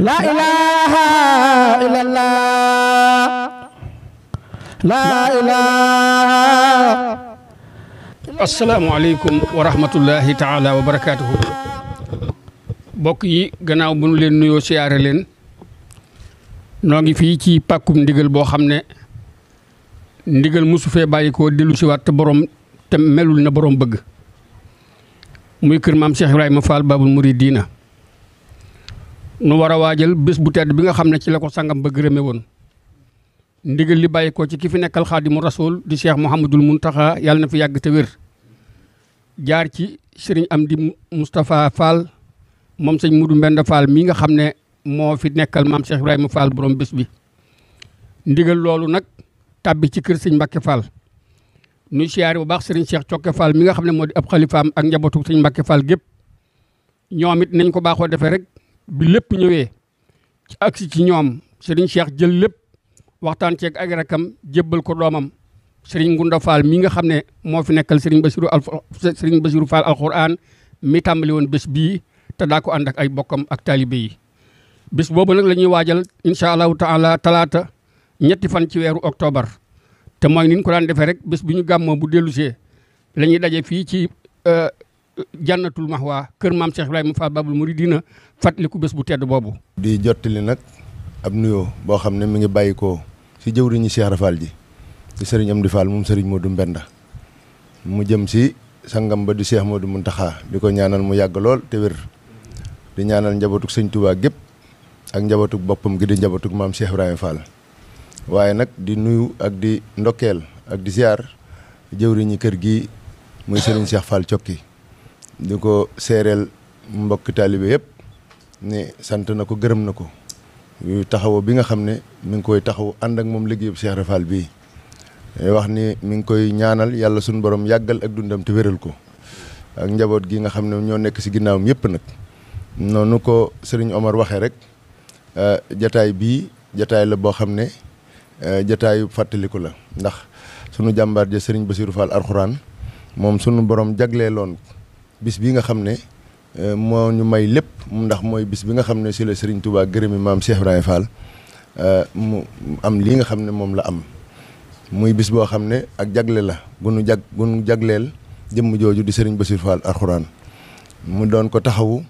la ilaha illallah la ilaha asalaamaaleykum wa rahmatullahi taala wa barakaatuhu mbokk yi gannaaw bu ñu leen nuyoo siyaare leen noo ngi fii ci pàkkum ndigal boo xam ne ndigal mosu fee bàyyi ko dellu si waat te borom te melul na borom bëgg muy kër maam Cheikh Ibrahima Fall Babul Muridiina nu war a waajal bés bu tedd bi nga xam ne ci la ko sangam ba gërëme woon ndigal li bàyyi ko ci ki fi nekkal xaadimu rasul di seex cheikh Mouhamadul Mountakha yàlla na fi yàgg te wér jaar ci sëriñ Amdi Moustapha Fall moom sëñ Mudu mbenn Fall mii nga xam ne moo fi nekkal maam Cheikh Ibrahima Fall borom bés bi ndigal loolu nag tàbbi ci kër sëñ Mbacke Fall nuy siyaare bu baax sëriñ Cheikh Cokke Fall mi nga xam ne moo di ab xalifaam ak njabootu sëñ Mbacke Fall gépp ñoom it nañ ko baaxoo defee rek. bi lépp ñëwee ci agsi ci ñoom sëriñ Cheikh jël lépp waxtaan ceeg ak rakam jébbal ko doomam sëriñ Ngunda Fall mi nga xam ne moo fi nekkal sëriñ Basiru al sëriñ Basiru Fall alxuraan mi tàmbali woon bés bii te daa ko ànd ak ay bokkam ak taalibe yi. bés boobu nag lañuy ñuy waajal incha allahu taala talaata ñetti fan ci weeru octobre te mooy ni ko daan defee rek bés bi ñu gàmmoo bu dellusee lañuy daje fii ci. Euh, jannatul mahwa kër maam Cheikh Ibrahima Fall Babul Mouridina fàttaliku bés bu tedd boobu. di jottali nag ab nuyoo boo xam ne mi ngi bàyyi ko si jëwriñu Cheikh Fall ji di sëriñ Amdi Fall moom sëriñ Modou Mbenda mu jëm si sangam ba di du Modou Mountakha di ko ñaanal mu yàgg lool te wér di ñaanal njabootug sëñ Touba gépp ak njabootug boppam gi di njabootug maam Cheikh Ibrahima Fall waaye nag di nuyu ak di ndokkeel ak di ziar jëwriñi kër gi muy sëriñ Cheikh Fall Cokki. di ko seereel mbokk taalibe yëpp ni sant na ko gërëm na ko yu taxaw bi nga xam ne mi ngi koy taxaw ànd ak moom liggéeyub Cheikh Rafal bii wax ni mi ngi koy ñaanal yàlla suñu borom yàggal ak dundam te wéral ko ak njaboot gi nga xam ne ñoo nekk si ginnaawam yëpp nag noonu ko sëriñ Omar waxee rek eh, jataay bii jataay la boo xam ne eh, jataayu fàttaliku la ndax sunu jàmbaar ja sëriñ Basiru Fall Alxuraan moom sunu borom jagleeloon bis bi nga xam ne euh, moo ñu may lépp ndax mooy bis bi nga xam ne si la Serigne Touba gërëmi maam Cheikh Ibrahima Fall euh, mu am lii nga xam ne moom la am muy bis boo xam ne ak jagle la gunu jag jagleel jëmm jooju di Serigne Bassirou Fall mu doon ko taxawu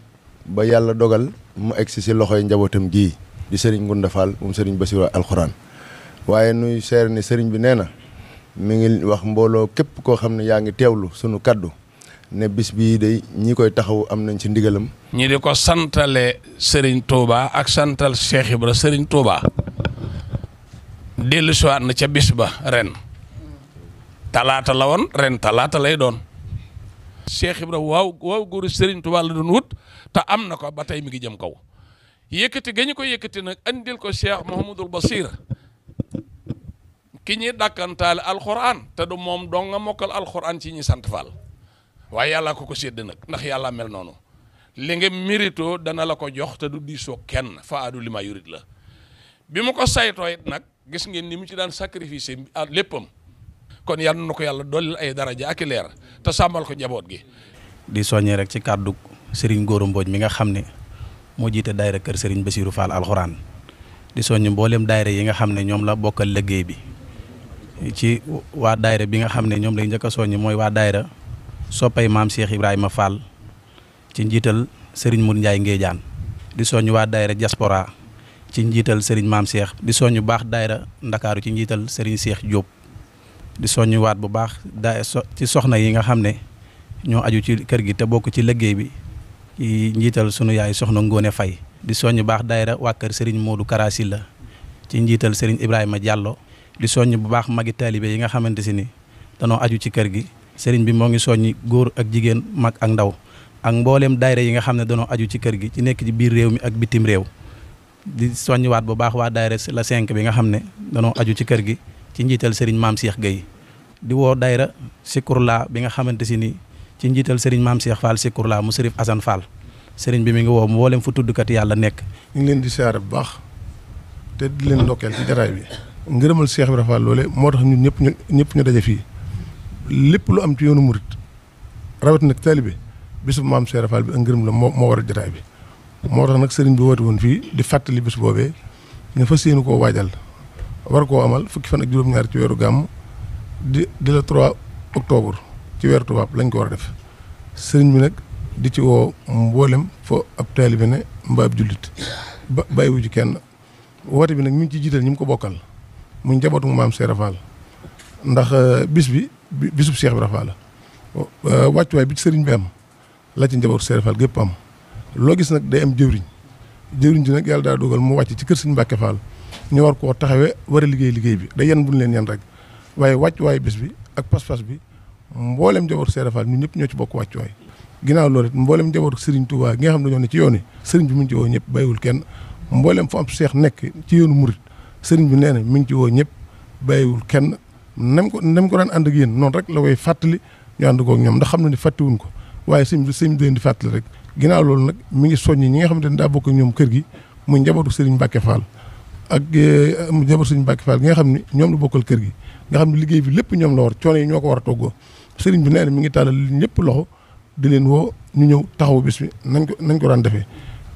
ba yàlla dogal mu egsi si loxoy njabootam gii di Serigne Ngunda Fall mu Serigne Bassirou alxuraan waaye nuy seer ni bi nee na mu ngi wax mbooloo képp koo xam ne yaa ngi teewlu sunu kàddu ne bis bii day ñi koy taxaw am nañ ci ndigalam. ñi di ko santale sëriñ Touba ak santal Cheikh Ibra Serigne Touba dellu na ca bis ba ren talaata la woon ren talaata lay doon. Cheikh Ibra waaw waaw góoru Serigne Touba la doon wut te am na ko ba tey mi ngi jëm kow yëkkati ga ñu ko yëkkati nag andil ko Cheikh Mouhamadul Basir. ki ñuy dàkkantaale alxuraan te du moom dong nga mokkal alxuraan ci ñi sant Fall. waaye yàlla ko ko sédd nag ndax yàlla mel noonu li nga mérito dana la ko jox te du diisoo kenn fa aadu li yurit la bi mu ko saytoo it nag gis ngeen ni mu ci daan sacrifice léppam kon yàlla na ko yàlla dolli ay daraja ak i leer te sàmmal ko njaboot gi. di soññee rek ci kàddu Serigne Gora Mbodj mi nga xam ne moo jiite daayira kër Serigne Bassirou Fall alxuraan di soññ mboolem daayira yi nga xam ne ñoom la bokkal liggéey bi ci waa daayira bi nga xam ne ñoom lay njëkk a soññ mooy waa daayira soppay maam Cheikh Ibrahima Fall ci njiital sëriñ Mour Ndiaye Ngéejaan di soñu waa daayira diaspora ci njiital sëriñ maam Cheikh di soñu baax daayira Ndakaaru ci njiital Serigne Cheikh jóob di soñu waat bu baax daa ci soxna yi nga xam ne ñoo aju ci kër gi te bokk ci liggéey bi njiital sunu yaay soxna Ngone Faye di soñu baax daayira waa kër Serigne Modou Karasi la ci njiital Serigne Ibrahima Diallo di soññ bu baax magi taalibe yi nga xamante si ni danoo aju ci kër gi sëriñ bi moo ngi soññi góor ak jigéen mag ak ndaw ak mbooleem daayira yi nga xam ne danoo aju ci kër gi ci nekk ci biir réew mi ak bitim réew di soññiwaat bu baax waa daayira la cinq bi nga xam ne danoo aju ci kër gi ci njiital sëriñ maam Cheikh Gueye di woo daayira Sikurla bi nga xamante si ni ci njiital sëriñ maam Cheikh Fall Sikurla mu sërif asan Fall sëriñ bi mi ngi woo mboolem fu tuddkat yàlla nekk. ñu ngi leen di siyaare bu baax te di leen ndokkeel ci jaraay bi ngërëmal Cheikh Ibrahima Fall loole moo tax ñun ñëpp ñu ñëpp ñu daje fii lépp lu am ci yoonu murit rawet nag taalibe bisu maam Cheikh Fall bi ak ngërëm la moo moo war a jotaay bi moo tax nag sëriñ bi woote woon fii di fàttali bis boobee ñu fa yéene koo waajal war koo amal fukki fan ak juróom-ñaar ci weeru gàmm di di la 3 octobre ci weeru tubaab lañ ko war a def sëriñ bi nag di ci woo mboolem fo ab taalibe ne mbaa ab jullit ba bàyyiwu ci kenn woote bi nag mi ngi ci jiital ñi mu ko bokkal mu njabootu maam Cheikh Fall ndax euh, bis bi bisub Cheikh Ibra Fall la euh, wàccuwaay bi ci sëriñ bi am la ci njabootu Cheikh Ibra Fall gépp am loo gis nag day am jëwriñ jëwriñ ji nag yàlla daa dogal mu wàcc ci kër sëriñ Mbàkke Fall ñu war koo taxawee war a liggéey liggéey bi day yan buñ leen yan rek waaye wàccuwaay bis bi ak pas-pas bi mboolem njabootu Cheikh Ibra Fall ñun ñëpp ñoo ci bokk wàccuwaay ginnaaw loolu it mboolem njabootu sëriñ tu waa nga xam ne ñoo ne ci yoon yi sëriñ bi mu ngi ci woo ñëpp kenn mboolem fu seex nekk ci yoonu murit sëriñ bi nee na mi ñëpp bàyyiwul kenn nem ko nem ko daan ànd ak yéen noonu rek la koy fàttali ñu ànd koog ñoom ndax xam na ni fàttiwuñ ko waaye sëñ bi sëñ bi leen fàttali rek ginnaaw loolu nag mi ngi soññi ñi nga xamante ne daa bokk ñoom kër gi muy njabootu sëriñ Mbacke Fall ak eh, njabootu sëriñ Mbacke Fall gi nga xam ne ñoom la bokkal kër gi nga xam liggéey bi lépp ñoom la war coono yi ñoo ko war a toggoo sëriñ bi nee na mi ngi tàllal ñëpp loxo di leen woo ñu ñëw taxawu bis bi nañ ko nañ ko daan defee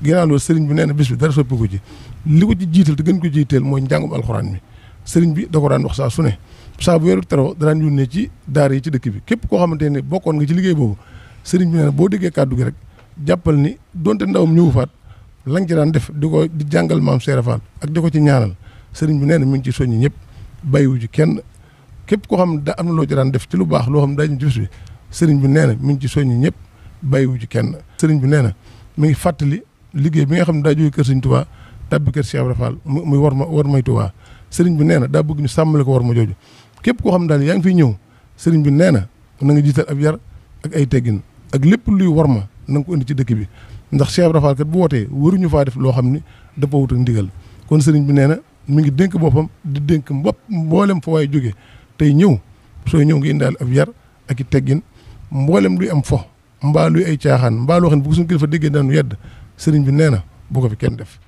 ginnaaw loolu sëriñ bi nee na bis bi dara soppiku ci li ko ci jiital te gën ko jiiteel mooy njàngum alxuraan mi sëriñ bi da ko daan wax saa su ne saa bu weeru teroo da daan yónnee ci daar yi ci dëkk bi képp koo xamante ne bokkoon nga ci liggéey boobu sëriñ bi boo déggee kàddu rek jàppal ni donte ndawam ñëwu faat la ci daan def di di jàngal maam Seera Faal ak di ci ñaanal sëriñ bi nee na mu ngi ci soññi ñëpp bàyyiwu ci kenn képp koo xam da am na loo ci def ci lu baax loo xam daañu ci bi sëriñ bi nee na mu ngi ci soññi ñëpp bàyyiwu ci kenn sëriñ bi nee na mi ngi fàttali liggéey bi nga xam ne daa jóge kër sëriñ Tuubaa tàbbi kër Cheikh Ibra Fall muy war ma war may Tuubaa sëriñ bi nee na daa bëgg ñu sàmmale ko war ma jooju képp koo xam daal yaa ngi fiy ñëw sëriñ bi nee na na nga jiital ab yar ak ay teggin ak lépp luy war ma na nga ko indi ci dëkk bi ndax Cheikh Ibra Fall bu wootee waruñu faa def loo xam ni dafa ndigal kon sëriñ bi nee na mi ngi dénk boppam di dénk mbopp mboolem fa waay jóge tey ñëw soo ñëw ngi indaal ab yar ak i teggin mboolem luy am fo mbaa luy ay caaxaan mbaa loo xam ne bu suñu kilifa déggee dañu yedd sëriñ bi nee na bu ko fi kenn def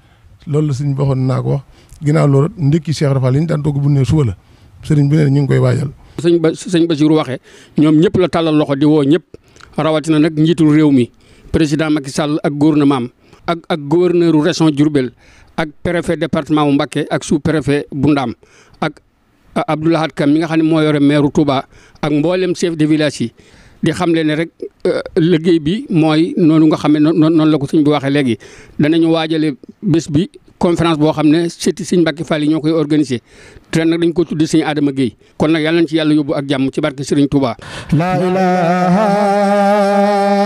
loolu la sëriñ bi naa ko wax ginnaaw loolu ndékki Cheikh Rafal li ñu daan togg bu ne suba la sëriñ bi ne ñu ngi koy waajal. sëñ ba sëñ Basiru waxee ñoom ñëpp la tàllal loxo di ñëpp rawatina nag njiitul réew mi président Macky Sall ak gouvernement ak ak gouverneur région Diourbel ak préfet département bu Mbacké ak sous préfet bu Ndaam ak Abdou Lahad Kam mi nga xam ne moo yore maire Touba ak mboolem chef de village yi. di xam le ne rek euh, liggéey bi mooy noonu nga xam ne noonu la ko sëñ bi waxee léegi danañu waajale bés bi conférence boo xam ne sëti sëñ Mbacke Fall yi ñoo koy organisé te nag dañ ko tuddee sëñ Adama Guèye kon nag yàlla nañ ci yàlla yóbbu ak jàmm ci barke Serigne Touba. la ilaha